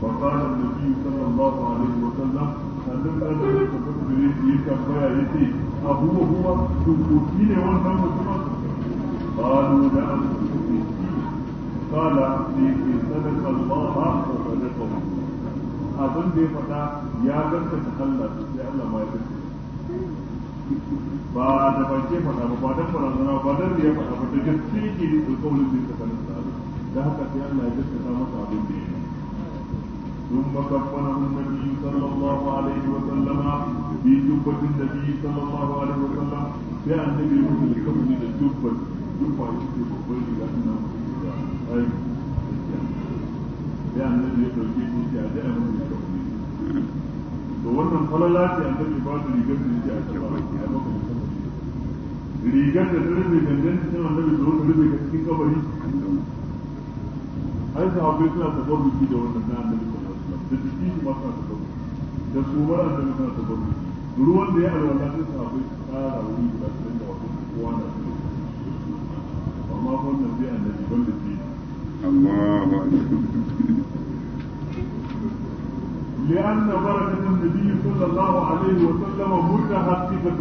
فقال النبي صلى الله عليه وسلم annabi da ya tabbata da ya yi tambaya ya ce ne قالوا لا قال في صدق الله وصدقه abin da ya faɗa ya gaskata Allah sai Allah ma ya ba da bace faɗa ba ba dan barazana ba dan da ya faɗa ba da gaske yake da kaunin da ya faɗa da haka sai Allah ya gaskata masa abin da ya ثم كفنه النبي صلى الله عليه وسلم في جبة النبي صلى الله عليه وسلم يا النبي يقول الكفن الجبة جبة يشوف الكفن إلى أنه يا النبي يقول كيف يتعدى من الكفن to wannan falala ce annabi ba su rigar da yake a cikin rigar da ta rufe gangan cikin annabi da wata rufe cikin kabari an sahabbai suna tabarruki da wannan na annabi بتشتيه ما كانت تبرد تسوما أنت ما كانت تبرد دلوة دي أنا ولا تسعى في سعر أولي بلا سنة وقوانا فما قلنا بي أن نجبل الله أكبر لأن بركة النبي صلى الله عليه وسلم مجد حقيقة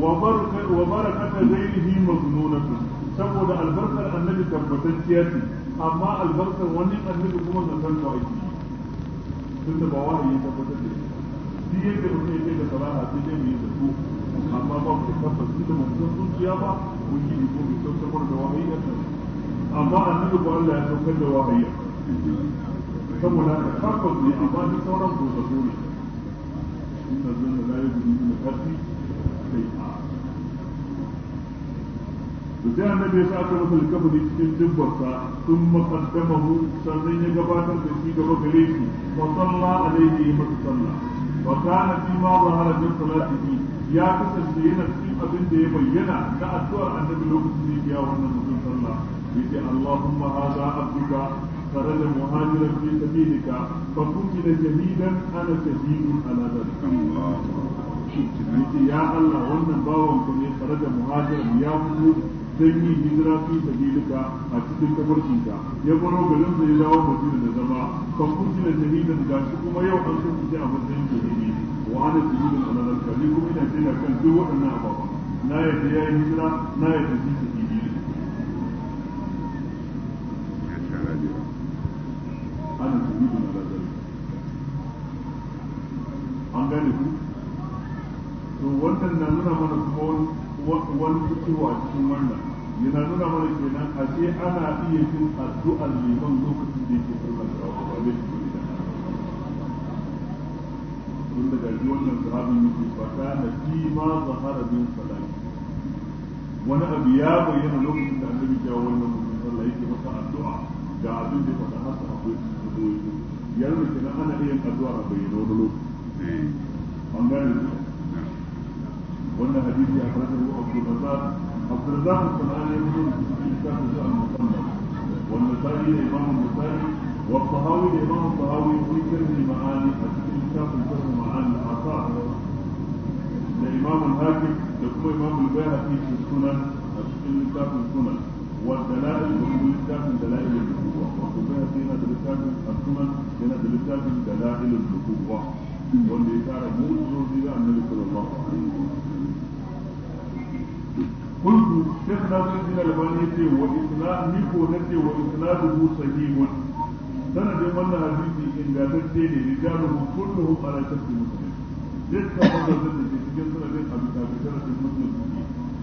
وبركة, وبركة زيله مظنونة سمود البركة أنني تبتن سياتي أما البركة وني أنني كما نسلت عيدي tunda ba wahayi ya tabbatar da shi shi yadda mutum ya kai da sana'a sai dai mu yi amma ba mu tabbas tunda mu zuciya ba ne ko da wahayi ya amma Allah ya saukar da wahayi saboda haka tabbas ne amma duk sauran ko zato ne inna zunna sai to sai annabi ya saka masa likafani cikin dubbarsa sun maqaddamahu sannan ya gabatar da shi gaba gare shi fa salla alaihi wa salla wa kana fi ma zahara min salatihi ya kasance yana cikin abin da ya bayyana na addu'ar annabi lokacin da ya wannan mutum sallah yace allahumma hadha abduka خرج مهاجرا في سبيلك فقتل شهيدا انا شهيد على ذلك الله يا الله وانا باوعك خرج مهاجرا يا sai yi hijira fi sabilika a cikin kabarcinka ya faro garin sa ya dawo madina da zama kan kuci da shahidan ga shi kuma yau an san shi a matsayin shahidi wa ana shahidan ala zalika ni kuma ina shaida kan duk waɗannan ababa na yadda ya yi hijira na yadda shi shahidi ana shahidan ala zalika an gane ku wannan na nuna mana kuma wani ikiwa a cikin wannan yana nuna mana kenan a ce ana iya yin addu'ar liman lokacin da yake karɓar da wata ba zai tun da gaji wannan sahabin yake fata na fi ma zahara min salati wani abu ya bayyana lokacin da annabi ya wannan mutum sallah yake masa addu'a ga abin da fata hasa akwai su zo yanzu kenan ana iya addu'a a bayyana wani lokaci an gane wannan hadisi a kan zuwa Abdul Razak Abdul Razak Qur'ani ya zo da cikin kitabun sa al-Musannaf wal Nasa'i da Imam Nasa'i wa Tahawi da Imam Tahawi fi kirmi ma'ani a cikin kitabun sa ma'ani al-Asar da Imam Hakim da kuma Imam Al-Bayhaqi fi sunan a cikin kitabun sunan والدلائل وكل كتاب دلائل النبوة وكل هنا دلائل السنن هنا دلائل wanda ya tara mu'ujizozi na annabi sallallahu alaihi wasallam kuntu shaykh nasiruddin albani yace wa isna ni ko nace wa isnaduhu sahihun sanadin wannan hadisi ingantacce ne rijaluhu kulluhum ala shakli muslim dukkan wannan da ke cikin sanadin abu ta bi sanadin muslim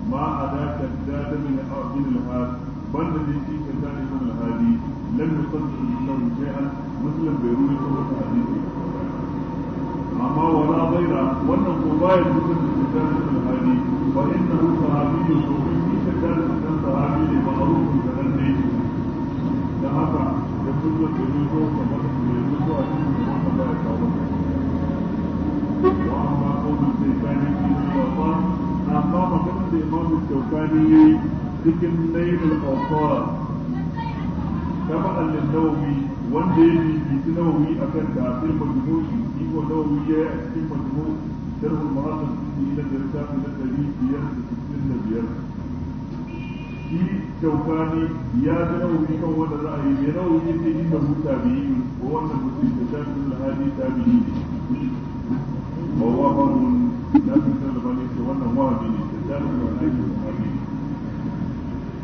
ma adaka dada min a al-had banda da shi ke tare da al-hadi lam yusaddiq shay'an muslim bai ruwaito wannan hadisi أما ولا غيره وأنه لا يجوز الاستدلال بالهادي فإنه صحابي صوفي استدلال أن صحابي معروف بالهادي لهذا يجوز الجلوس كما يجوز أن يكون لا يتعود وأما قول الشيطان في الوطن أقام مكان الإمام الشوكاني ذكر نيل الأوصار تبعا للنووي وندي في نووي أكد تعطيل مجموعي والنووي في مجموع شرح المعاصر في إلى الإرسام إلى النبي بيار ستين بيار في شوكاني يا بنووي هو الرأي بنووي إنه تابعي وهو المسلم تشاهد الهادي تابعي وهو أمر لا تسلم عليك وأنه وهبي تشاهد الهادي تابعي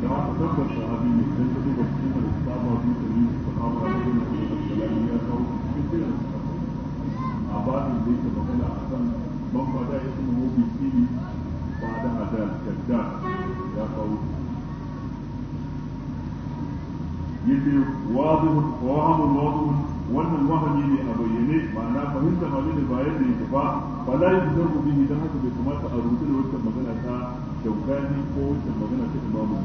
كما تذكر الصحابي من كتب السنة الصعبة في سبيل الصحابة عليهم السلام يا قوم a babin da ta magana a kan man fada ya kuma mafi fili ba da hada yadda ya kawo yake wazuhun wahamun wazuhun wannan wahani ne a bayyane ma'ana fahimta ma ne ba yadda tafa ba ba la yin zarru bihi dan haka bai kamata a rubuta da wata magana ta shaukani ko wata magana ta imamu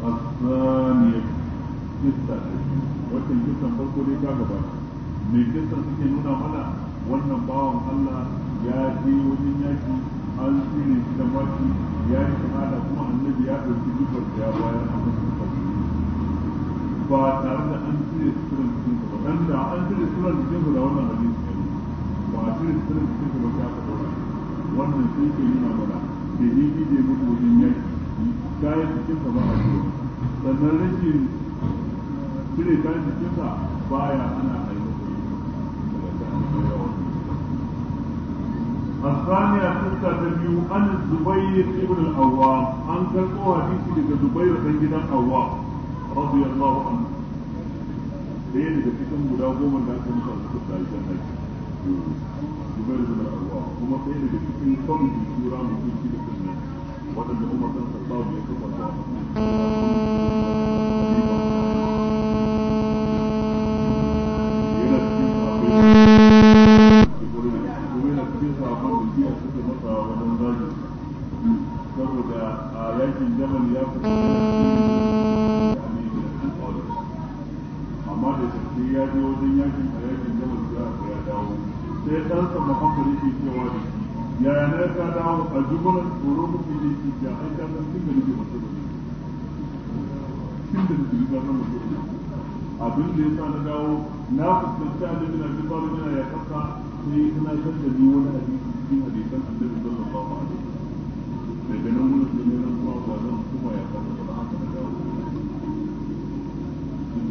nawawi الثانية في الثالث wacce kisan farko dai ta gaba mai kisan suke nuna mana wannan bawan Allah ya je wajen yaki an tsire shi da maki ya yi shahada kuma annabi ya ɗauki dukkan da ya bayar a kan ba tare da an tsire suturan cikin ba dan da an tsire suturan cikin ba da wannan hadisi ne ba a tsire suturan cikin ba ta ka dora wannan sai ke nuna mana da yi ne mutu wajen yaki ta yi cikin ba a tsire sannan rashin cire kayan jikinsa baya ana aiki الثانية ستة تبيو عن الزبير ابن الأوام عن كالقوة حديث لزبير بن gidan awa, رضي الله عنه ليه لكتن مداوما لكن خلصت الجنة zubar da arwa kuma sai daga cikin kwamitin tura mutum shi da kunna waɗanda umar ɗan sarsawa ya kafa su a matsayin suke masa wajen zagi saboda a yakin jamal ya fi mm. amma da tafi ya je wajen yakin a yakin jamal ya fi ya dawo sai ɗansa muhammad yake cewa da shi yaya na ka dawo a jubunan tsoro mutum ne ke ya aika san tun da nake masu rubi tun da nake ya san masu rubi abin da ya sa na dawo na fuskanci a jirgin abin ba yana ya kasa sai suna shan da ni wani abin cikin hadisan annabi sallallahu alaihi wasallam mun da nan kuma ba zan kuma ya kafa ba haka da dawo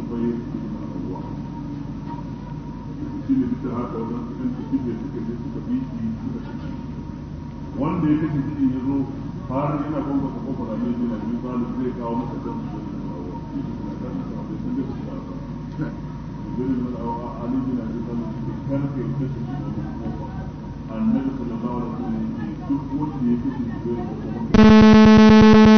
bai ruwa shi ne bisa haka wajen cikin cikin da suka bi shi suka ci wanda ya ya zo yana gonga ka kofa da yake na ba zai kawo su da shi ne da da ali bin abi kan annabi sallallahu alaihi wasallam duk wanda ya kashe shi zai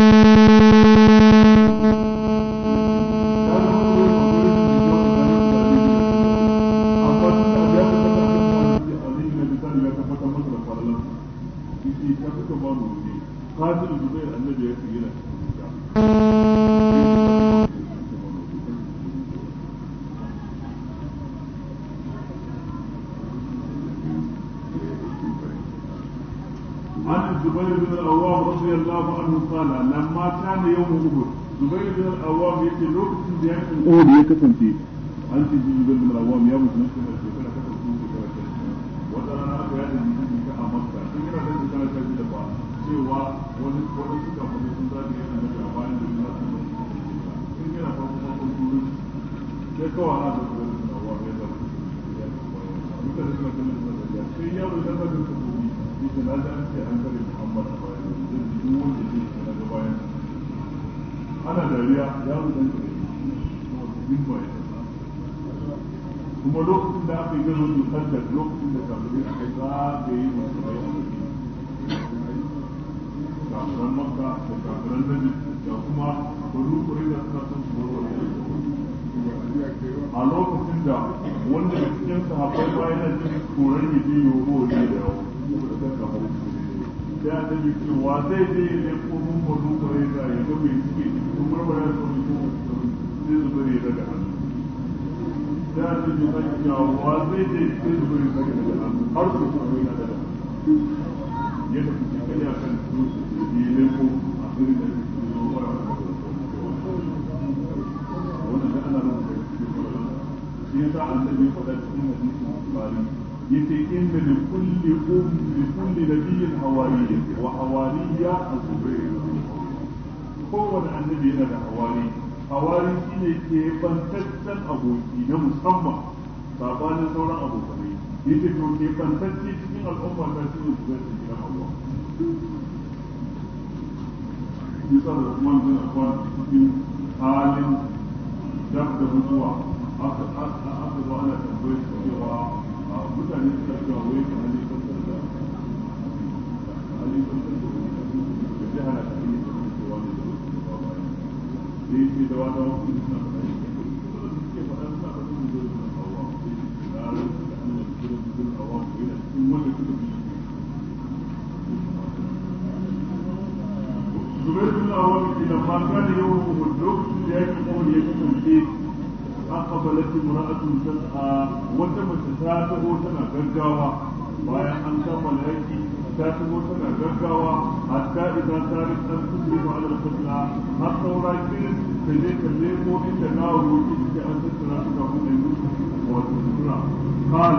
zai kasance an ce jiji ya musulun na shekara shekara ta farko da shekara ta wata rana aka yada ta a sun yana da shekara ta da ba cewa wani wani sun zafi yana da a bayan da za su zama sun aka yi zama da lokacin da aka masu da da kuma da su warware a lokacin da wanda da cikin sahabbai bayan ya yiwu ko da ta yi cewa zai je ya ne ko mun da ya ga mai suke da zubar ya daga hannu ذات جبيك واسيت تدخل البيت أرض تقوين هذا يدخل كلا كان فلوس يلقوا أخيرا يسعى النبي صلى الله عليه وسلم البخاري يتئن لكل أم لكل نبي حوالي وحوالية الزبير هو النبي هذا حوالي hawari shi ne ke bantaccen aboki na musamman sabanin sauran abokanai ya ce to ke bantacce cikin al'umma ta shi ne su zai su gina hawa yasa da kuma zai na kwan cikin halin dab da mutuwa aka aka zo ana tambayar su cewa mutane suna cewa wai kamar ne kan da halin kan da wani kan da da yake da wata wasu suna da shi kuma da suke faɗa suna da su da zuwa hawa da yake da ranar da an da su da zuwa hawa da yana cikin wanda suka bi zubar suna wani ke da mata da yawan hudu da yake kawai ya kasance أقبلت امرأة تسعى وتمت تسعى تنا غرقاوة bayan an kammala yaki تاتمو سنة جرقاوة حتى إذا كانت أن تسلم على القبلة حتى ولكن تجيك الليمو إن ناو وجدك أن تسرع تكون يوسف وتسرع قال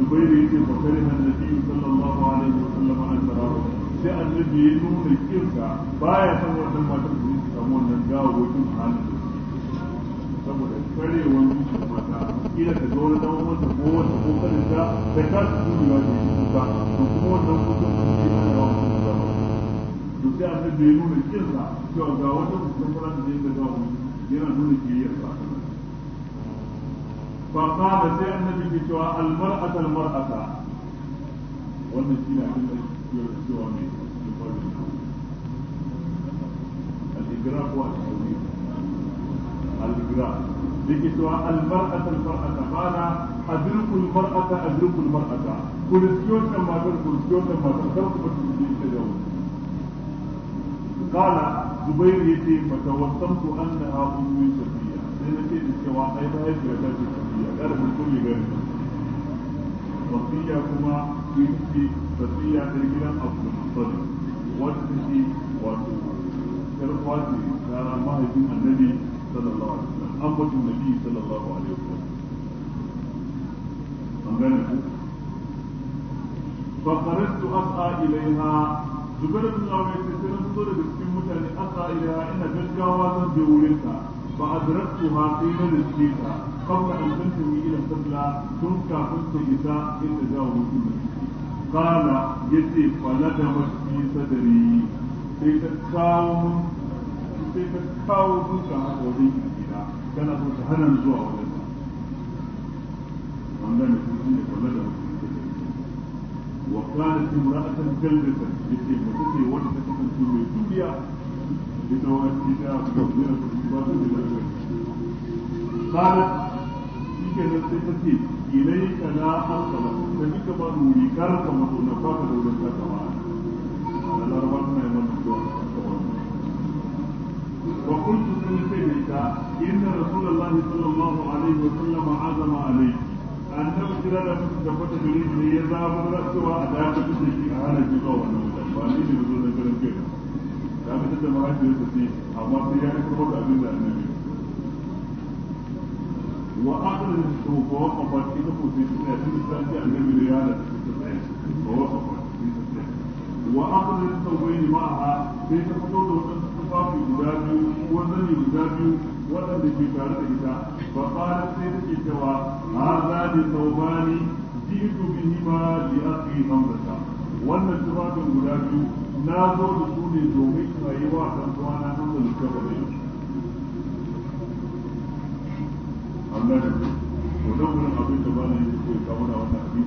زبير يجي فكره النبي صلى الله عليه وسلم عن تراه sai annabi ya nuna kirka baya san wannan matar da samu wannan gawo wajen halin saboda karewar mutum mata kila ta zo na dan uwansa ko wata ko kaninta ta kasa jurewa da yi kuka to kuma wannan kuka su ke na yawan kuka ba to sai an da ya nuna kinsa cewa ga wata mutum fara da zai gaza wani yana nuna kiyayyar sa فقال سي النبي كتوى المرأة المرأة والنسينا عند الإسلام الإجراء هو التسويق الجيران لكتوا المرأة المرأة قال أدرك المرأة أدرك المرأة كولسيوت ما تر كولسيوت ما تر قال زبير يتي فتوسمت أنها أمي شفية سنتي لكتوا أيضا يجرى شفية قال من كل غير وصية كما يمشي وصية رجلا أبو المطلب وتمشي وتمشي كالفاتي كان مهدي النبي صلى الله عليه وسلم أمة النبي صلى الله عليه وسلم أمانه فخرجت أسعى إليها زبير بن عوية سيرا صورة بسكين متعني أسعى إليها إن جلجاوة بوريتها فأدركتها قيل نسيتها قبل أن تنتهي إلى القبلة تنكى قصة إذا إن تجاوز قال يتي فلدمت في صدري sai ta kawo وكانت امرأة جلدة التي مسكي وجهة تكون في في في في الدنيا لتوجد تكون من قالت تلك نفسيتي إليك لا أرقى لك فبك بانوني كارك مطلوب نفاق دولة كارك معك قال لا ربعتنا يا من الدعاء وقلت سنتيك إن رسول الله صلى الله عليه وسلم عزم عليك أن تبتلى لك تفتح لك ليزاب الرأس وأداة تشركي أهل الجزاء وأنه رسول الله كلام كيف كما تتبع في السنين أما سيئة كبر أبين النبي وأخذ الشوف ووقف في نفسه في السنة النبي ريالة ووقف وأخذ الثوبين معها في تفضل tufafi guda biyu ko zani guda biyu waɗanda ke tare da ita ba ƙara sai take cewa ha za ni saubani jitu bihi ma li asri hamzata wannan tufafin guda biyu na zo da su ne domin a yi wa kan tuwa na hamza da kabarin Allah da ku da dan gurin abin da bana yi ko ka mana wannan abin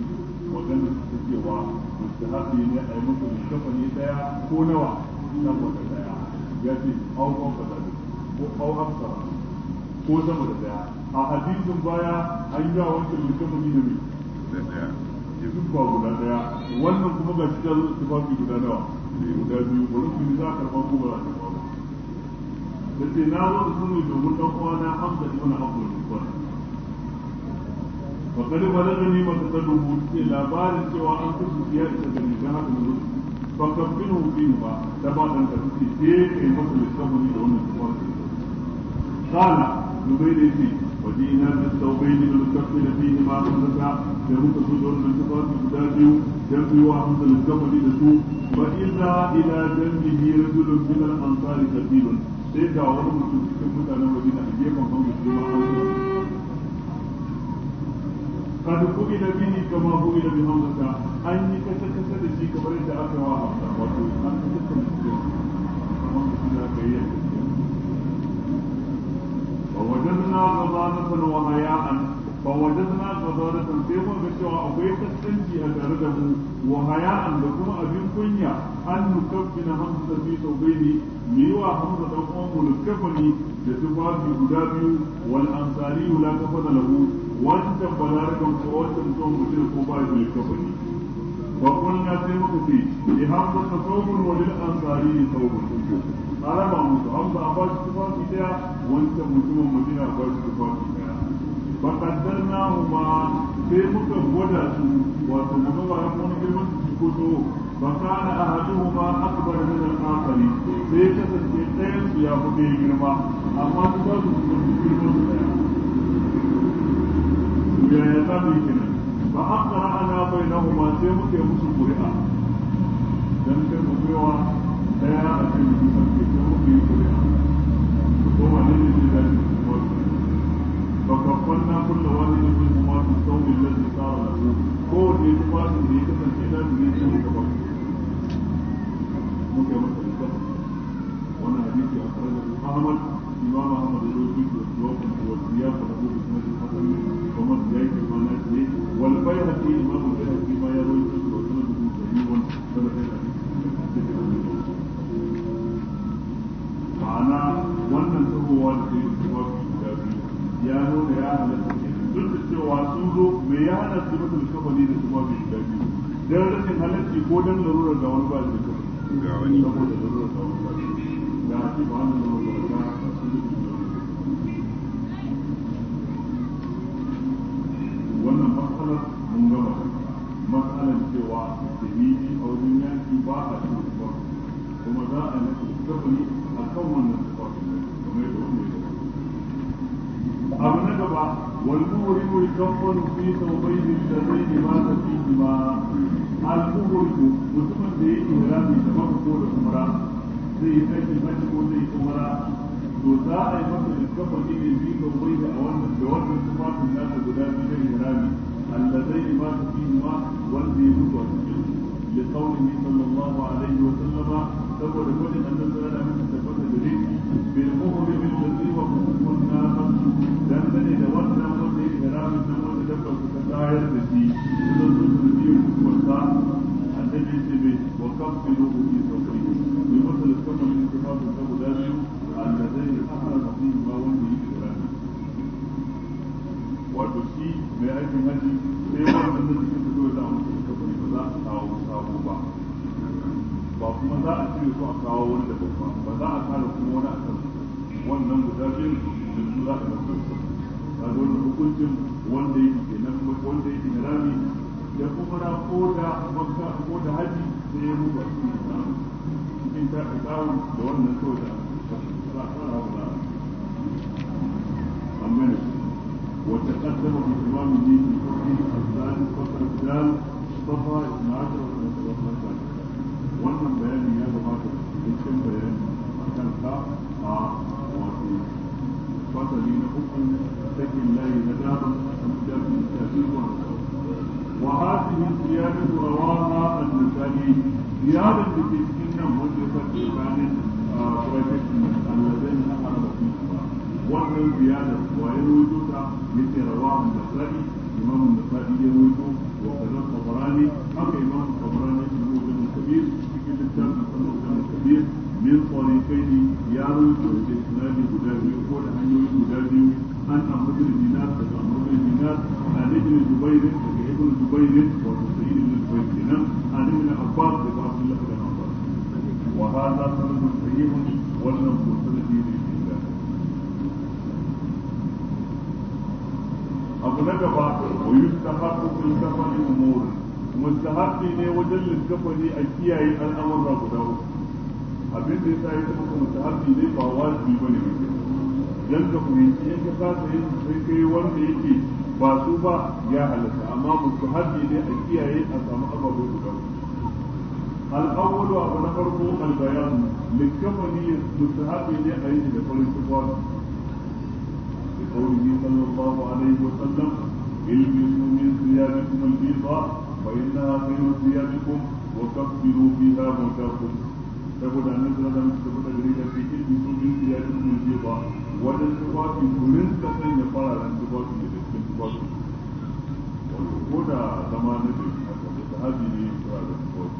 magana ta cewa mustahabi ne a yi muku ne daya ko nawa na saboda daya ya ce au an kaza ko au an ko sama da daya a hadisin baya an yi wa wancan likafani da mai da daya zuba guda daya wannan kuma ga shi zo tufafi guda nawa guda biyu bari ku za ka karɓa ko ba za ka karɓa da ce na zo da sunu domin ɗan uwana hamza ibn abu al-qur'an fa kada balagani ma tasallu ce labarin cewa an kusa ya isa da ni dan haka fakar bin hukumi ba ta ba ɗan karfi ce ka yi masa lissafoni da wannan kuma su kana dubai da yake da saubai ne da lissafi da su guda biyu dan da cikin mutanen a ka da kuɗi da bini ka ma an yi kasa kasa da shi kamar yadda aka wa hafta wato an ta duka mutuwa kamar da suna ka yi yadda ba wajen na gaba na sana wa haya an ba wajen na gaba na sana sai kuma ga cewa akwai fassanci a tare da mu wa haya an da kuma abin kunya an nukafi na hamsa fi sau bai ne mai yi wa hamsa ɗan kuma mulukafa ne da tufafi guda biyu wal ansari yula ka da lagos wancan ba na rikan ko wancan zuwa mutum ko ba mai kafani ba kullum sai muka ce ya eh, hamsa ta saurin wani ansari ne saurin a raba musu ba a ba kuma su daya wancan mutumin mutum a ba kuma su daya ba kaddar na ma sai muka gwada su wato mutum ba ya kuma girman su su so ba na a hadu ma akbar da al-akhari sai kasance ɗayan su ya fi girma amma su ba su girman su daya ya ya ba a ana bai na sai muke musu ƙuri'a dan sai mu a kan yi da wani ya kasance na su kuma أخرجه أحمد إمام أحمد يوسف والسواق kuma ya nuna ya halatta duk da cewa da kuma guda ko dan larurar ga wani ba da ga wani wannan matsalar mun gama matsalar cewa da miji a wajen yanki ba a cikin ba, kuma za a nasu ba. a kan wannan tufafi kamar yadda wani ya gaba abu na gaba zai يكفر ba ثوبين اللذين مات فيهما الكبر mutumin da ya yi ihrami da mako da umra zai yi aiki hajji ko zai yi umra to za a yi masa iskafa ne da bi ga wai da a wannan da wannan tufafin nasa guda biyu da ihrami allazai ma su fi ma wanda ya mutu a cikin li qawlihi sallallahu alaihi wa sallama saboda kodin annabi sallallahu alaihi wa sallama da bil mu'min bil ladhi wa huwa an-nafas dan da wannan hajji sai wannan da ba za a kawo sabo ba ba kuma za a cire su a kawo wani da babba ba za a kare kuma wani a kan wannan guda biyun da su za a ɗaukar su ga wani hukuncin wanda yake wanda na rami da kuma na ko da makka ko da hajji sai ya ruba su cikin ta da wannan kawai mustafa ibn adam da tabbata wannan bayani ya gabata cikin bayani akan ta a wato fasali na uku sakin layi na daban a mutafin tafiyuwan وهذه الزيادة رواها النسائي زيادة في السنة مدرسة كانت براكت الذين أمروا فيها وأن الزيادة ويروجوها مثل رواه النسائي إمام النسائي يروي abi kaidi ya rubuta da isnadi guda biyu ko da hanyoyi guda biyu an amru bin dinar daga amru bin dinar an ibn zubair daga ibn zubair wa sa'id ibn zubair kenan an ibn abbas daga abdullah ibn abbas wa hadha sanadun sahih wannan ko sanadi ne da abu na gaba wa yustahabu fil kafani umur mustahabbi ne wajen littafani a kiyaye al'amuran guda uku abin da ya sa ya zama kuma sahabi ne ba wajibi ba ne mutum dan ka fahimci in ka kasa yin sai kai wanda yake ba su ba ya halatta amma mustahabi ne a kiyaye a samu ababe guda al-awwalu abu na farko al-bayan likafani mustahabi ne a yi da farin tufafi bi qawlihi sallallahu alaihi wa sallam ilbisu min thiyabikum al-bayda su innaha khayru thiyabikum wa kaffiru biha mutakum saboda annabi sallallahu alaihi wasallam da gari da fi ilmi sun bin ya ilmi ne ba wajen tufafi gurin ka sanya fararen tufafi da cikin tufafi wato ko da zama na bai haka da sahabi ne fararen tufafi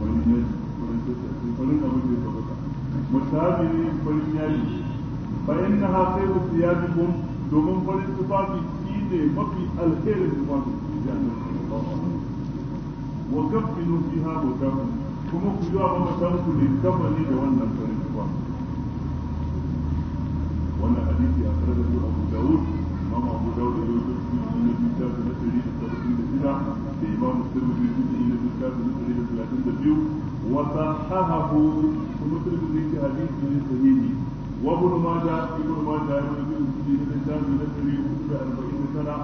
wani ne wani tufafi wani abu ne ka baka mutabi ne farin yaji bayan na hafe da siyasikun domin farin tufafi shi ne mafi alherin tufafi da ya annabi sallallahu alaihi wasallam wa kafinu fiha mutakum kuma ku yi wa mamatanku littafani da wannan farin kuwa wannan hadisi a tare da Abu Dawud Imam Abu Dawud ya yi cikin littafi ta ɗari da saba'in da shida da Imam Tirmidhi cikin littafi na ɗari da talatin da biyu wa sahahahu kuma Tirmidhi ke hadisi ne sahihi wa Ibn Majah Ibn Majah ya yi cikin littafi na ɗari da arba'in da tara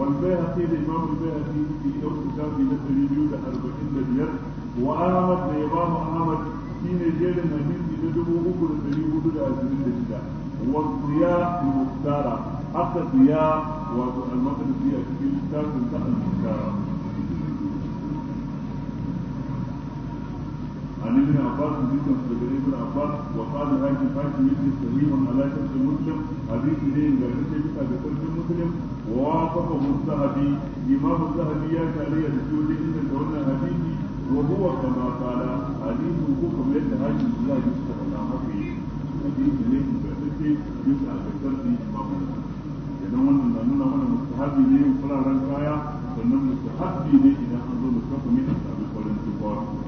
والبيهقي الإمام البيهقي في دوس كتابي نسري بيود أربعين دبير وأحمد لإمام أحمد في نجيل الحديث ندبو أكل سريه دل أسرين دشدا والضياء المختارة حتى الضياء والمقدسية في كتاب تأل المختارة عن ابن عباس ذكر جبريل ابن عباس وقال هاشم هاشم يجري صحيح على شرط مسلم حديث لين لا يشرك بشرط مسلم ووافقه الذهبي امام الذهبي يا شعري السوري ان تولى حديث وهو كما قال حديث حكم ليس هاشم لا يشرك على حقيقه حديث لين لا يشرك يشرك بشرط امام idan wannan na nuna mana mustahabi ne fararen kaya sannan mustahabi ne idan an zo mustafa ne a sami farin tufafi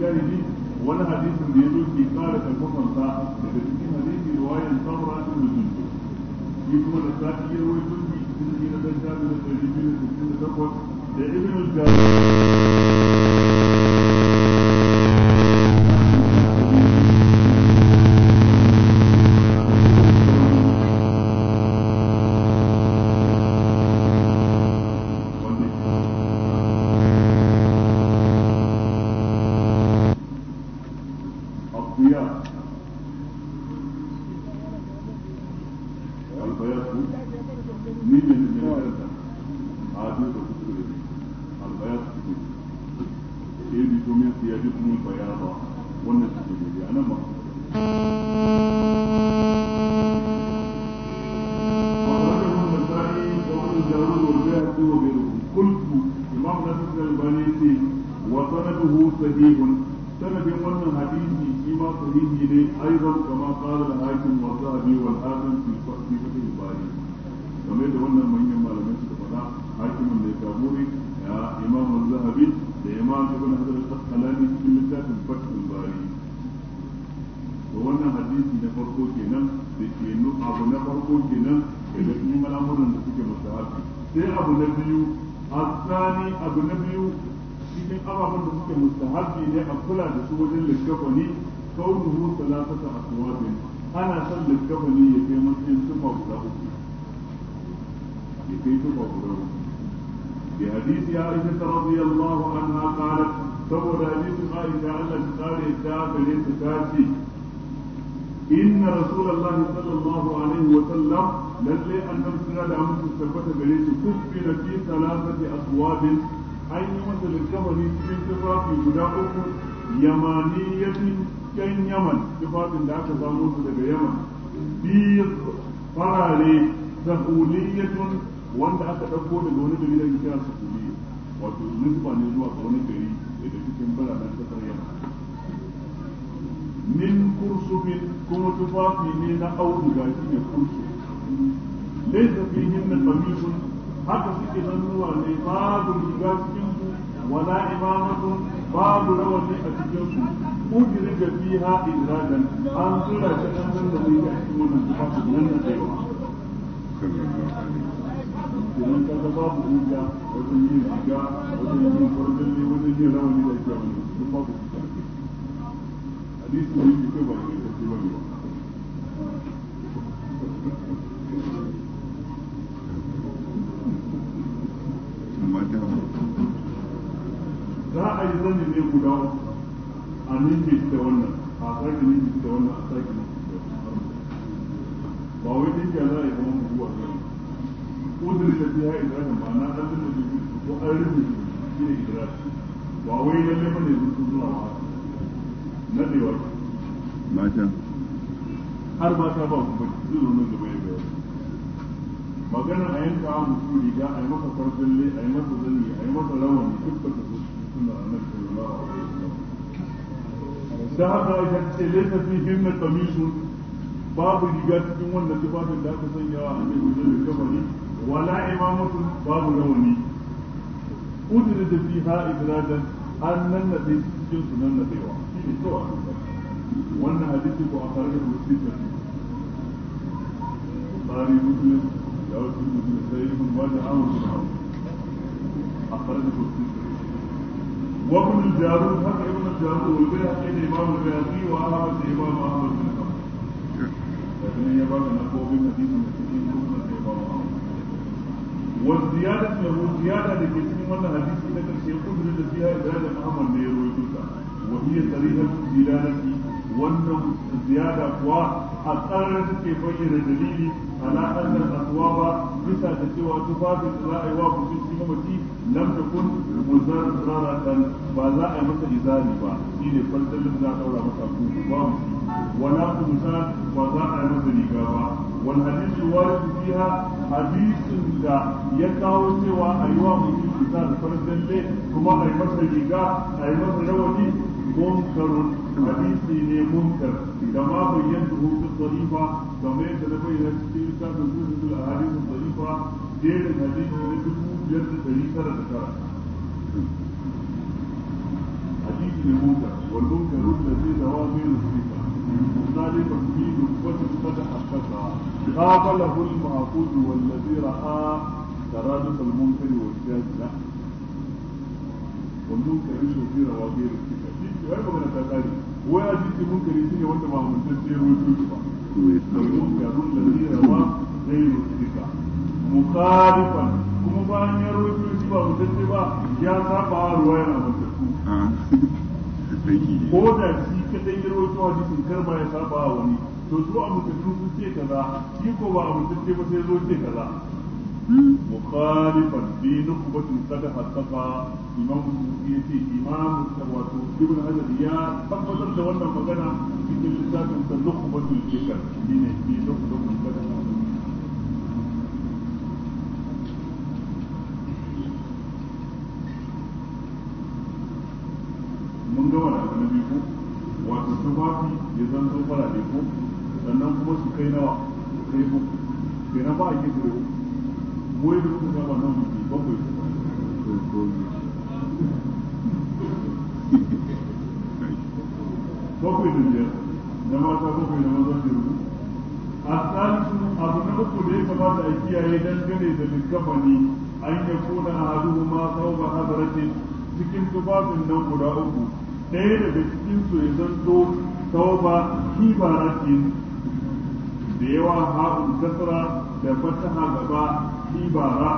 shahidi wani hadisin da ya zo ke kara karfafan sa daga cikin hadisi da wayan ibn jundu shi kuma da sa'i ya rawaito shi cikin da ya san shafi da ɗari biyu da da da شعرون والبيهقي وغيره قلت إمام نصر الألباني يقول وسنده صحيح سند wannan hadisi shi ma sahihi ne aidan kama qala al-hakim wa zahabi da wannan manyan malamai suka faɗa hakimin da kaburi ya imam al-zahabi da imam ibn hajar al-asqalani cikin littafin fatil wannan hadisi na farko kenan da abu na farko kenan daga cikin al'amuran da suke mustahabi sai abu na biyu asani abu na biyu cikin ababen da suke mustahabi ne a kula da su wajen littafani kaunuhu salatata aswabin ana son littafani ya kai matsayin tufa guda uku ya kai tufa guda uku bi hadisi Aisha radiyallahu anha qalat saboda hadisin Aisha Allah ta kare ta gare ta ce inna rasulullahi sallallahu alaihi wa sallam lalle annabi suna da mutum tabbata gare shi kusbi na fi salasati aswabin an yi masa likafani cikin tufafi guda uku yamaniyatin yan yaman tufafin da aka samu su daga yaman bi farare sahuliyatun wanda aka ɗauko daga wani gari da ke su sahuliya wato nisba ne zuwa ga wani gari daga cikin biranen kasar yaman min kursubin kuma tufafi ne na auduga shi ne kursubin laysa fihinna qamisun haka suke zannuwa ne babu riga cikin su wala imamatun babu rawani a cikin su ujrija fiha idradan an tura shi dan nan da mai a cikin wannan tufafin nan babu hujja wajen yin riga wajen yin kwarjalli wajen yin rawani da ake wani duk babu hujja hadisi ne ke kai ba ne ba ne ba za a yi zane ne guda a ninke da wannan a sake ninke da wannan a sake ninke da wannan ba wai dinka za a yi zama mu zuwa ne Ko da ta yi idraki ba na an zama da yi ko an rufe shi ne idraki ba wai ya lefa ne su zuwa ba na dewa mata har ta ba ku ba su zo nan gaba maganar a yanka wa mutum riga a yi masa farfalle a yi masa zalli a yi masa rawani duk ba ta zo cikin sunan annabi sallallahu alaihi wasallam da haka ya ce laisa fi himma qamisun babu riga cikin wannan tufafin da aka sanya wa annabi sallallahu alaihi wasallam wala imamatu babu rawani udri da fiha ibradan an nan na dai cikin sunan na daiwa shi ne kawai wannan hadisi ko a tare da musulmi Bukhari Muslim لو تجد من سيف وجعه بالحق أخرجه الترمذي وابن الجارود حتى ابن الجارود والبيهقي الإمام البيهقي وأحمد الإمام أحمد بن حنبل لكن هي بعد أن أقوى بالحديث المسلمين كلنا الإمام أحمد والزيادة له زيادة لكثير من الحديث لك الشيخ قدر فيها إبادة محمد ليروي وهي صريحة الدلالة وأنه الزيادة أقوى a haƙarar suke bayyana dalili ala annal ba bisa da cewa tufafin da za a yi wa mutum shi mamaci lam takun muzar zaratan ba za a yi masa izali ba shi ne farkon da za a daura masa ku ba mu wala kumsa ba za a yi masa riga ba wal hadisi warisu fiha hadisin da ya kawo cewa a yi wa mutum riga da farkon kuma a yi masa riga a yi masa rawani munkarun hadisi ne munkar كما بينته في الطريقة كما يتنبى في ستين كان نزوه في الأهالي في الطريقة دير الهديد ونفقه في يد الطريقة لذكاء حديث الموتى والمنكر الذي دوا بين الطريقة ذلك الدين قد قد حققها غاب له المعقود والذي رأى ترادف المنكر والجاد له والمنكر الذي دوا بين الطريقة في كتابه من التكاليف wai hadisi munkari shine wanda ba mun san sai ruwaito shi ba munkarun ladhi rawa ghayru sika mukhalifan kuma bayan ya ruwaito shi ba mun san ba ya saba ruwayar amintattu ko da shi kadai ya ruwaito hadisin kar ba ya saba wani to su amintattu sun ce kaza shi ko ba amintattu ba sai ce kaza Hmm. مخالفا في نخبة قد حقق إمام الشافعي إمام wato ibn hajar ya tabbatar da wannan magana cikin littafin sa nukhbatul fikr shine fi mun gama da na biyu wato tufafi ya zanto fara biyu sannan kuma su kai nawa kai ku kenan ba a yi wai da kuka saba nan biki bakwai bakwai da biyar na mata bakwai na maza biyar a tsarisu abu na uku da ya kamata a kiyaye gane da likafani an ya kona a haduhu ma sau ba hadaratin cikin su ba su nan guda uku ɗaya daga cikin su ya zanto tauba kibaratin da yawa ha'un kasra da fataha gaba إبارة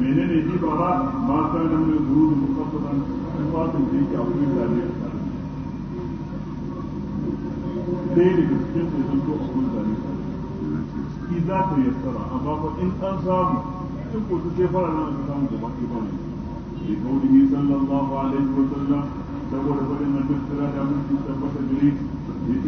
من أن إبارة ما كان من الغرور مخصصا أنفاق في كافية ذلك ذلك السجن يجب أن ذلك إذا تيسر أضاف إن أنصاب إن قلت كيف أنا أنصاب جمع إبارة لقوله صلى الله عليه وسلم تقول فإن المسترى جامل في سبب تجريب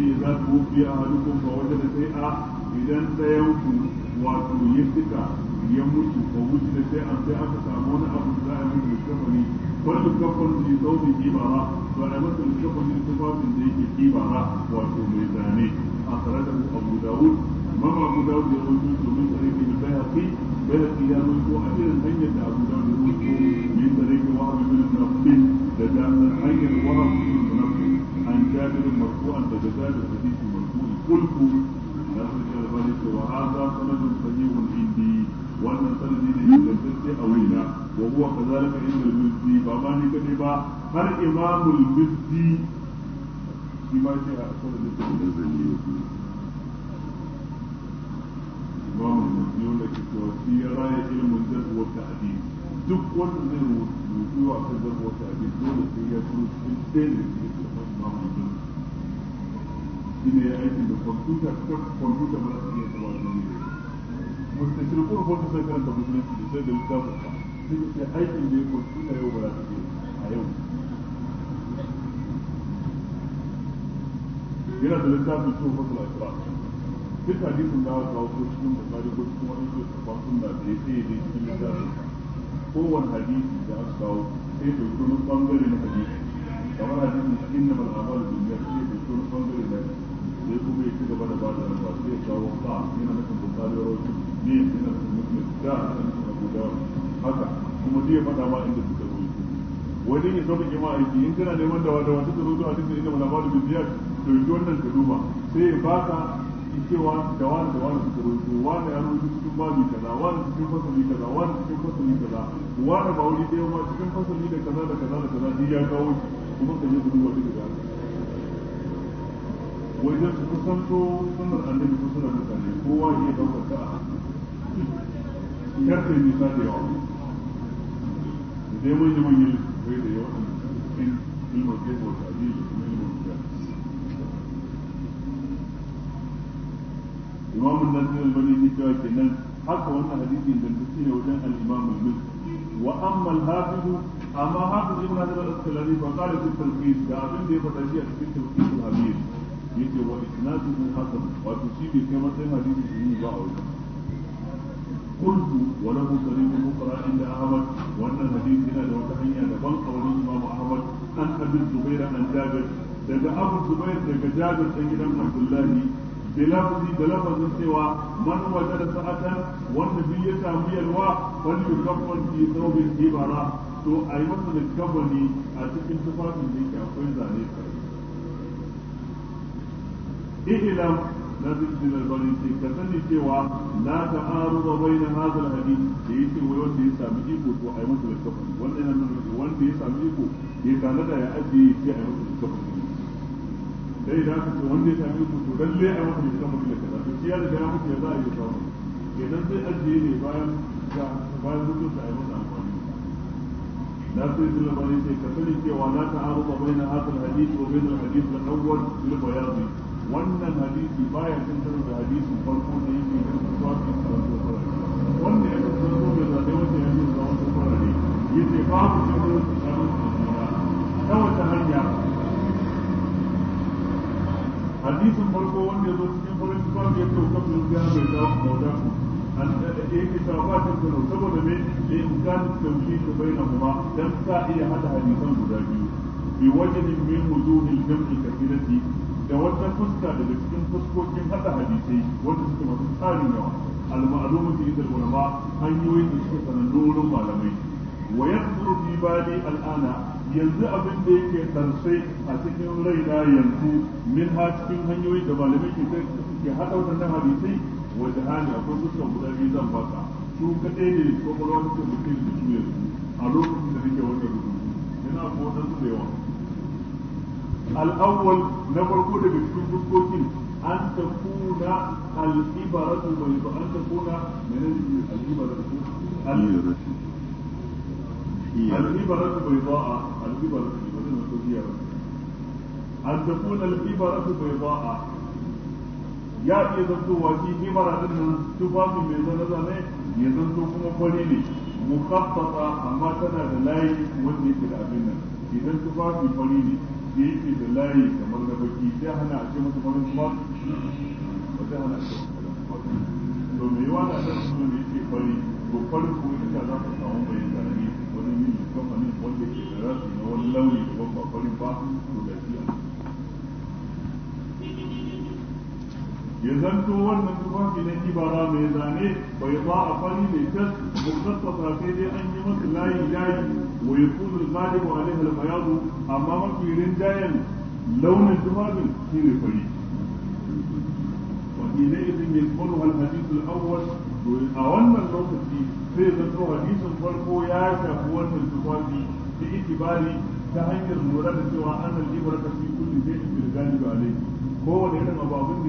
إذا توفي أهلكم فوجد سيئة إذا سيوكم وأتوا يفتكا ya mutu ko wuce sai an sai aka samu wani abu za a yi kafani wani kafan da ya da kibara to a masa da kafani da tufafin da yake kibara wato mai zane a tare da abu dawud imam abu dawud ya rubuta domin sarki da bayhaqi bayhaqi ya rubuta a irin hanyar da abu dawud ya rubuta min sarki wa abu bin nafsin da da hanyar wa abu bin nafsin an jabir marfu'an da da da hadisi marfu'i kullu da su da bani wa hadha sanadun sahihun wannan sanadi ne ingantacce a waina wa huwa kazalika inda al-mizzi ba ma ni kadai ba har imamul mulki shi ma ce a sanadin da yi ingantacce imamul mulki wanda ke cewa shi ya raya ilmin zarwa ta hadisi duk wanda zai rubutu a kan zarwa ta hadisi dole sai ya turu cikin ɗaya da ke cikin imamul mizzi shi ne ya aikin da kwamfuta kwamfuta ba za ta iya zama da ne mustashrikun ko da sai karanta musulunci da sai da littafin sa sai ce aikin da yake suna yau ba za su a yau yana da littafin su fasul ashra duk hadisin da aka kawo cikin bukari ko cikin wani ke kafa sunna da ya ce da cikin littafin kowane hadisi da aka kawo sai da wani bangare na hadisi kamar hadisin cikin na mal'amal duniya sai da wani bangare na sai kuma ya ci gaba da ba da rafa sai ya kawo yana nufin ne yana su muslim da ana su abu da haka kuma zai faɗa ma inda suka zo wai dai ya sauƙaƙe ma aiki in kana neman da wanda wanda suka zo a cikin inda malama da biyar to yi wannan ka duba sai ya baka cewa da wani da wani suka rubuto wani ya rubuto cikin babi kaza wani cikin fasali kaza wani cikin fasali kaza wani ba wuri ɗaya ma cikin fasali da kaza da kaza da kaza duk ya kawo shi kuma ka je ku duba duk da wajen su kusanto sunan annabi ko sunan mutane kowa ya ɗaukar ta a hannu carte misali on dai manyan manyan littattafai da yawa a cikin ilmar gefe wata adili da kuma ilmar guda imamun da zai bane ne cewa kenan haka wannan hadisi ingantacce ne wajen al-imam al-mulk wa amma al-hafiz amma hafiz ibn hajar al-asqalani fa qala fi talqis da abin da ya fada shi a cikin talqis al-habib yace wa isnaduhu hasan wato shi bai kai matsayin hadisi ne ba a wajen kullu wa lahu tariqun ukhra inda ahmad wannan hadisi yana da wata hanya daban a wurin imamu ahmad an abi zubaira an jabir daga abu zubair daga jabir dan gidan abdullahi da bilafzin cewa man wajada sa'atan wanda bi ya tambayarwa fal yukaffan fi thawbi ibara to ai masa da kabani a cikin tufafin da yake akwai zane ihlam na zikin albani ka sani cewa la ta aru da bai na da ya ce wanda ya sami iko to a yi masa littafin wanda yana nuna wanda ya sami iko ya kana da ya ajiye ya ce a yi masa littafin dai da aka ce wanda ya sami iko to lalle a yi masa littafin da kaza to shi za ajiye bayan a ولا تعارض بين هذا الحديث وبين الحديث الاول في wannan hadisi baya cin da hadisin farko da yake yin tuwafi da wato farare wanda ya fi zo da zaɓe wanda ya fi da wato farare ya ce ku cin karo da tsakanin su juna ta wata hanya hadisin farko wanda ya zo cikin farin tuwafi ya ce kan mun ga mai dawo mauda ku an da yake ta ba cin karo saboda me da imkanin tauki da bainahuma dan ka iya hada hadisan guda biyu bi wajhin min wuduhil jam'i kathirati da wata fuska daga cikin fuskokin haɗa hadisai wanda suke masu tsarin yawa al-ma'lumatu inda ulama hanyoyin da suke sanannu wurin malamai wa yadhkuru fi bali al-ana yanzu abin da yake karshe a cikin raina yanzu min ha cikin hanyoyin da malamai ke ke haɗa wannan hadisai wanda hali akwai fuskar guda biyu zan baka su kaɗai ne wani ke mutum da su yanzu a lokacin da nake wannan rubutu yana ko su da yawa al'awwal na farko daga cikin fuskokin an ta kuna al'ibaratu bai ba an ta kuna menene al'ibaratu al'ibaratu العبرة بيضاء العبرة المسؤولية أن تكون ba a ya iya zanto waje ibara din nan tufafi mai zane zane ya zanto kuma fari ne mukaffafa amma tana da layi wanda yake da abin nan idan tufafi fari ne da yake da layi kamar na baki zai hana a ce masa farin kuma ba zai hana a ce masa kuma to me yawa da ta su ne yake fari to farin kuma ita za ka samu mai tsanani wani yin kamfanin wanda ke da rasu na wani launi da ba farin ba to da shi ya zanto wannan tufafi na kibara mai zane bai ba a fari mai tas mukaddasa sai dai an yi masa layi layi wa yakunu al-ghalib alayha al-bayad amma mafi rinjayen launin tufafin shine fari wa ilayhi yadkhulu al-hadith al-awwal a wannan lokaci sai da to hadisin farko ya shafi wannan tufafi da itibari ta hanyar lura da cewa an al-ibra ta fi kulli shay'in bil ghalib alayhi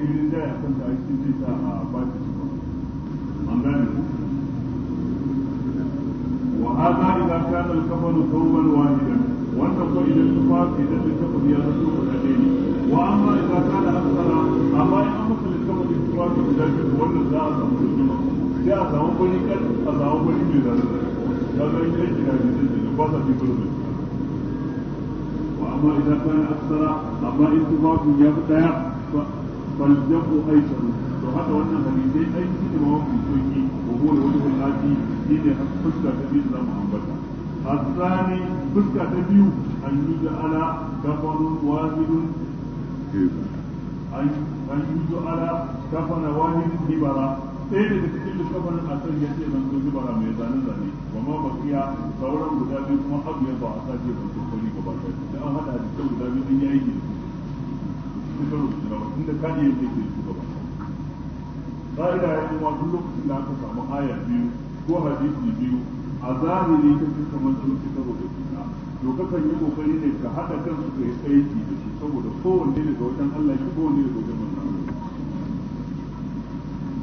rinjaya kan da a وهذا إذا كان الكفن ثوبا واحدا وانتقوا إلى الكفار إذا الكفن يرسل الأدين وأما إذا كان أكثر أما يأمك للكفن الكفار إذا كنت ولا لا أسمى الجمع لا أسمى بنيكا أسمى بنيكا إذا هذا يجري إلى في كل وأما إذا كان أكثر أما الكفار يبدأ فالجمع أيسر وهذا وأن هذه أيسر وهو في هو الوجه الذي دين فسكة تبيو زام أنبتا الثاني فسكة تبيو أن يجعل كفن واحد أن يجعل كفن واحد هبرا ɗaya daga cikin littafin a kan ya ce zanto zubara mai zane zane wa ma bakiya sauran guda biyu kuma abu ya ba a sa ce zanto kwani ba kai da an haɗa da kyau guda biyu yayi ne su karo da ke ƙa'ida ya kuma duk lokacin da aka samu aya biyu ko hadisi biyu a zahiri ta fi kamar sun fi saboda juna to kakan yi kokari ne ka haɗa kansu ka yi aiki da shi saboda kowanne daga wajen Allah shi kowanne daga wajen manzon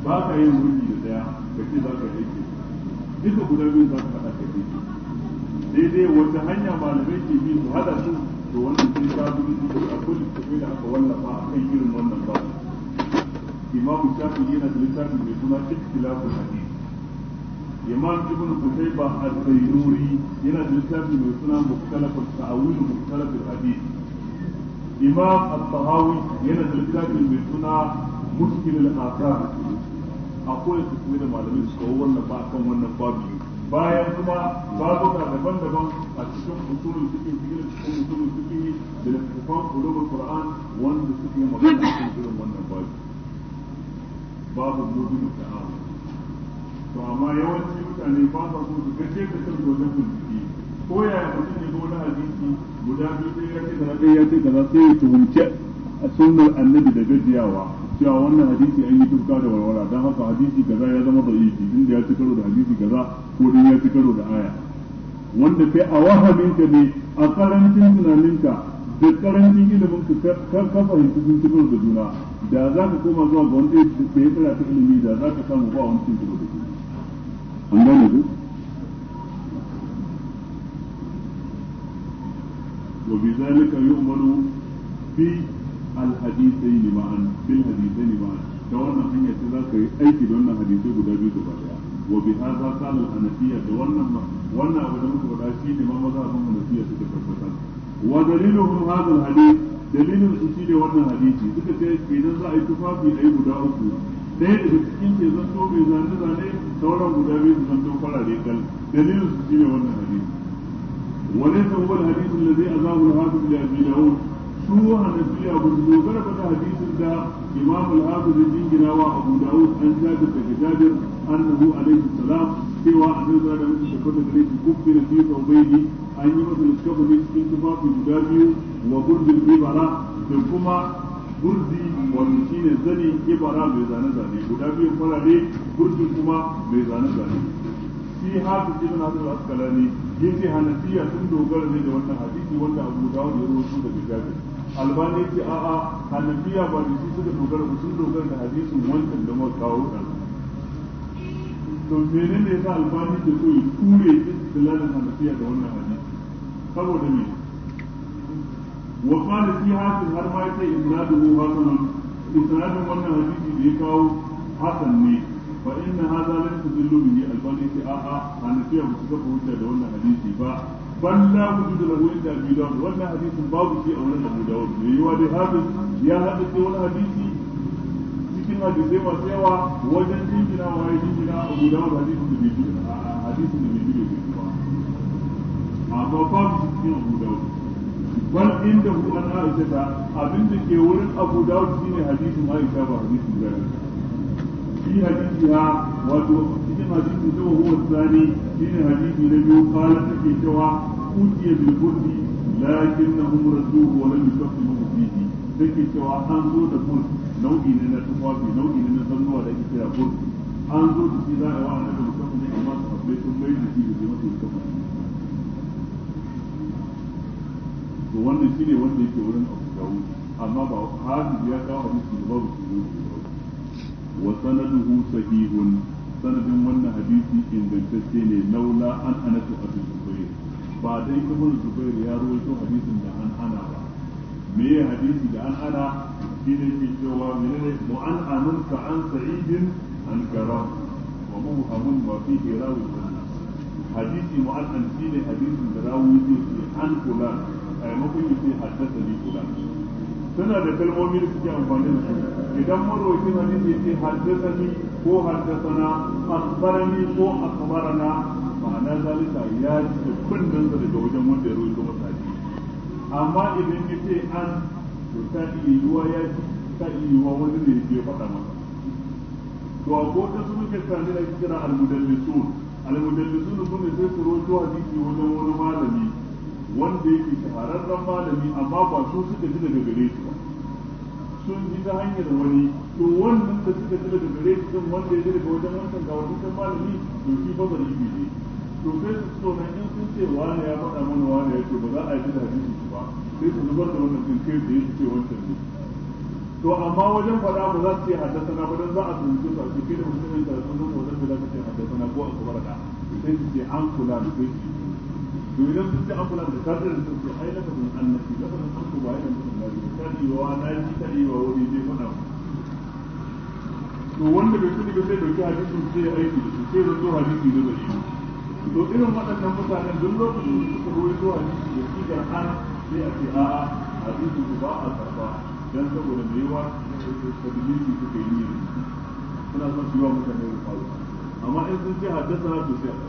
ba ka yin wuri da daya ka ce za ka yi aiki duka guda biyu za ka haɗa ka yi daidai wata hanya malamai ke bi su haɗa su to wannan sun sha gudu da akwai da aka wallafa a kan irin wannan babu imamu shafi'i yana da littafi mai suna ikhtilaful hadith imam ibn qutayba al-bayruri yana da littafi mai suna mukhtalaful ta'awil mukhtalaful hadith imam al-tahawi yana da littafi mai suna mushkil al-athar akwai su da malamin su kawo wannan ba kan wannan babu bayan kuma babu babuka daban-daban a cikin usulul fiqh cikin cikin usulul fiqh da littafin ulumul qur'an wanda suke magana cikin wannan babu babu da ta'am to amma yawanci mutane ba sa so su gaje san kan wajen bincike ko yaya mutum ya zo na hadisi guda biyu sai ya ce kaza sai ya ce kaza sai ya tuhumce a sunnar annabi da gajiyawa cewa wannan hadisi an yi tuka da warwara don haka hadisi kaza ya zama da yi inda ya ci karo da hadisi kaza ko din ya ci karo da aya wanda kai a wahabinka ne a karancin tunaninka duk karancin ilimin ku kan fahimci sun kiro da juna da za ka koma zuwa ga wanda ya yi tsira ta ilimi da za ka samu ba wani sun kiro da juna an gane ku wa bi zalika yu'malu fi alhadithain ma'an fil hadithain ma'an da wannan hanya ce za ka yi aiki da wannan hadisai guda biyu gaba daya wa bi hadha qala al-hanafiyya da wannan wannan abu da muka faɗa shi ne ma maza mazhabin hanafiyya suka tabbatar wa daliluhum hadha alhadith dalilin su shine wannan hadisi suka ce idan za a yi tufafi a yi guda uku ɗaya daga cikin ke zanto mai zane zane sauran guda biyu su zanto farare kal dalilin su shine wannan hadisi وليس هو الحديث الذي أزاه الحافظ لأبي داود شو هنفيا بندو غرفة حديث دا إمام الحافظ الدين annabu أبو salam cewa a جابر أنه عليه السلام سوى أن يزال من شكرا عليه كفر في ثوبين an yi masa littafi cikin tufafi guda biyu wa gurbin ibara da kuma gurbi wani shi ne zani ibara mai zane-zane guda biyu farare gurbi kuma mai zane-zane shi hafi ibn hasan ne asqalani yace hanafiya sun dogara ne da wannan hadisi wanda Abu wani yaro su daga Jabir albani ce a'a hanafiya ba da shi suka dogara ba sun dogara da hadisin wancan da mawa kawo ɗan to menene yasa albani da so ya ture istilalin hanafiya da wannan hadisi saboda ne wa qala fi hasan har ma yace isnaduhu hasan isnadun wannan hadisi da ya kawo hasan ne fa inna hadha lam tudillu bihi albani sai a a hanafiya ba su kafa hujja da wannan hadisi ba bal la wujuda lahu inda abi dawud wannan hadisin babu shi a wannan abu dawud ne yiwa dai hafiz ya hada da wani hadisi cikin hadisai masu yawa wajen jingina wa ya jingina abu dawud hadisin da bai jingina hadisin da bai jingina amma babu shi cikin abu dawud bal inda hu an aisha abin da ke wurin abu dawud shine hadisin aisha ba hadisin da shi hadisi ha wato cikin hadisin da huwa tsani shine hadisi na biyu kala take cewa utiya na kurdi lakinnahum rasuluhu wa lam yusaffihu fihi take cewa an zo da kurdi nau'i ne na tufafi nau'i ne na zannuwa da ake kira kurdi an zo da shi za a yi wa annabi musamman amma su abbe sun bai da shi da zai mutu musamman to wannan shine wanda yake wurin Abu Dawud amma ba hadis ya kawo hadisi da babu shi wa sanaduhu sahihun sanadin wannan hadisi ingantacce ne laula an anatu abu zubair ba dai ibn zubair ya rawaito hadisin da an ana ba me ya hadisi da an ana shi ne ke cewa menene mu'an'anun ka an sa'idin an karam wa muhammun ma fi rawi hadisi mu an shi ne hadisin da rawi zai ce an kula a maimakon yi ce haddasa ni kula suna da kalmomi da suke amfani da su idan marwakin hadisi ya ce haddasa ni ko haddasa na asbarani ko na ma'ana zalika ya da kunnen sa daga wajen wanda ya rawaito masa hadisi amma idan ya ce an to ta iya yiwuwa ya ci ta iya yiwuwa wani da ya je faɗa masa to a ko ta suke tsani da kira al-mudallisun al-mudallisun sai su rawaito hadisi wajen wani malami wanda yake shahararren malami amma ba su suka ji daga gare shi ba sun ji ta hanyar wani to wannan da suka ji daga gare shi din wanda ya ji daga wajen wancan ga wancan malami to shi ba zai yi ne to sai su so na in sun ce wani ya faɗa mana wani ya ce ba za a yi da hadisi shi ba sai su zubar da wannan cikin da ya ce wancan ne to amma wajen faɗa ba za su ce haddasa na ba dan za a tuntu su a ce kai da mutum ya tsara sun zo wajen da za su ce haddasa na ko a kubarka sai su ce an kula da kai domin su ci akula da tasirin da suke ai na kafin annabi na kafin an kuma yana nufin na biyu ta ɗiwa na ji ta ɗiwa wani zai faɗa to wanda bai sani ba sai dauki hadisin sai ya aiki da shi sai zan zo hadisi na gari to irin waɗannan mutanen duk lokacin da suka rawaito hadisi da shi da ana sai a ce a'a hadisin ku ba a karɓa dan saboda mai yawa tadbiri suka yi ne suna son su yi wa mutane rufawa amma in sun ce haddasa to sai a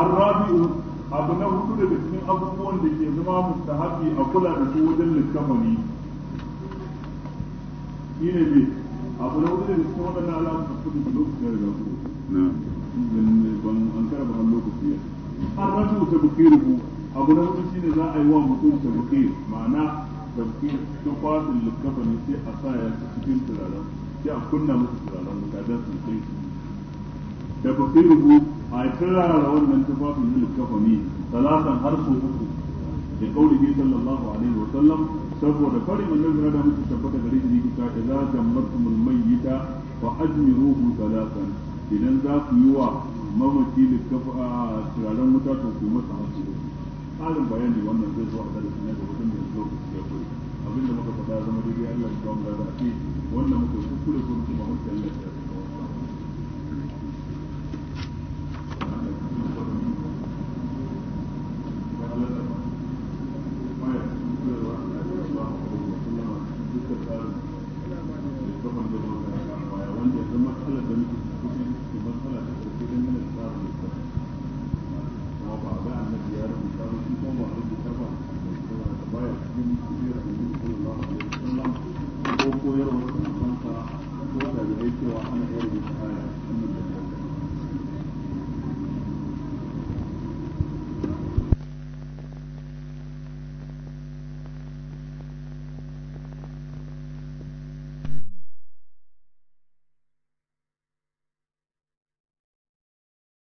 arrabi'u abu na hudu daga cikin abubuwan da ke zama haƙi a kula da su wajen likamani shi ne bi, abu na hudu daga cikin waɗannan alamun da kudu da lokacin da ku ban an kara ba lokaci ya arrabu ta rubu, abu na hudu ne za a yi wa mutum ta buƙi ma'ana da buƙi ta kwasin likamani sai a sa ya cikin turaren sai a kunna musu turaren da don su kai shi da bukiru a kirara da wannan tufafin yin kafami talatan har su uku da kauli sallallahu alaihi wa sallam saboda fari annabi ya da muku tabbata gare shi yake ta idza jammatumul mayyita fa ajmiruhu talatan idan za ku yi wa mamaci da kafa turaren wuta to ku masa hasu ƙarin bayani wannan zai zo a darasi na gaba da yanzu ya koyi abinda muka faɗa zama daidai Allah ya kawo mu da ce wannan muka kuskure ko kuma mutum ya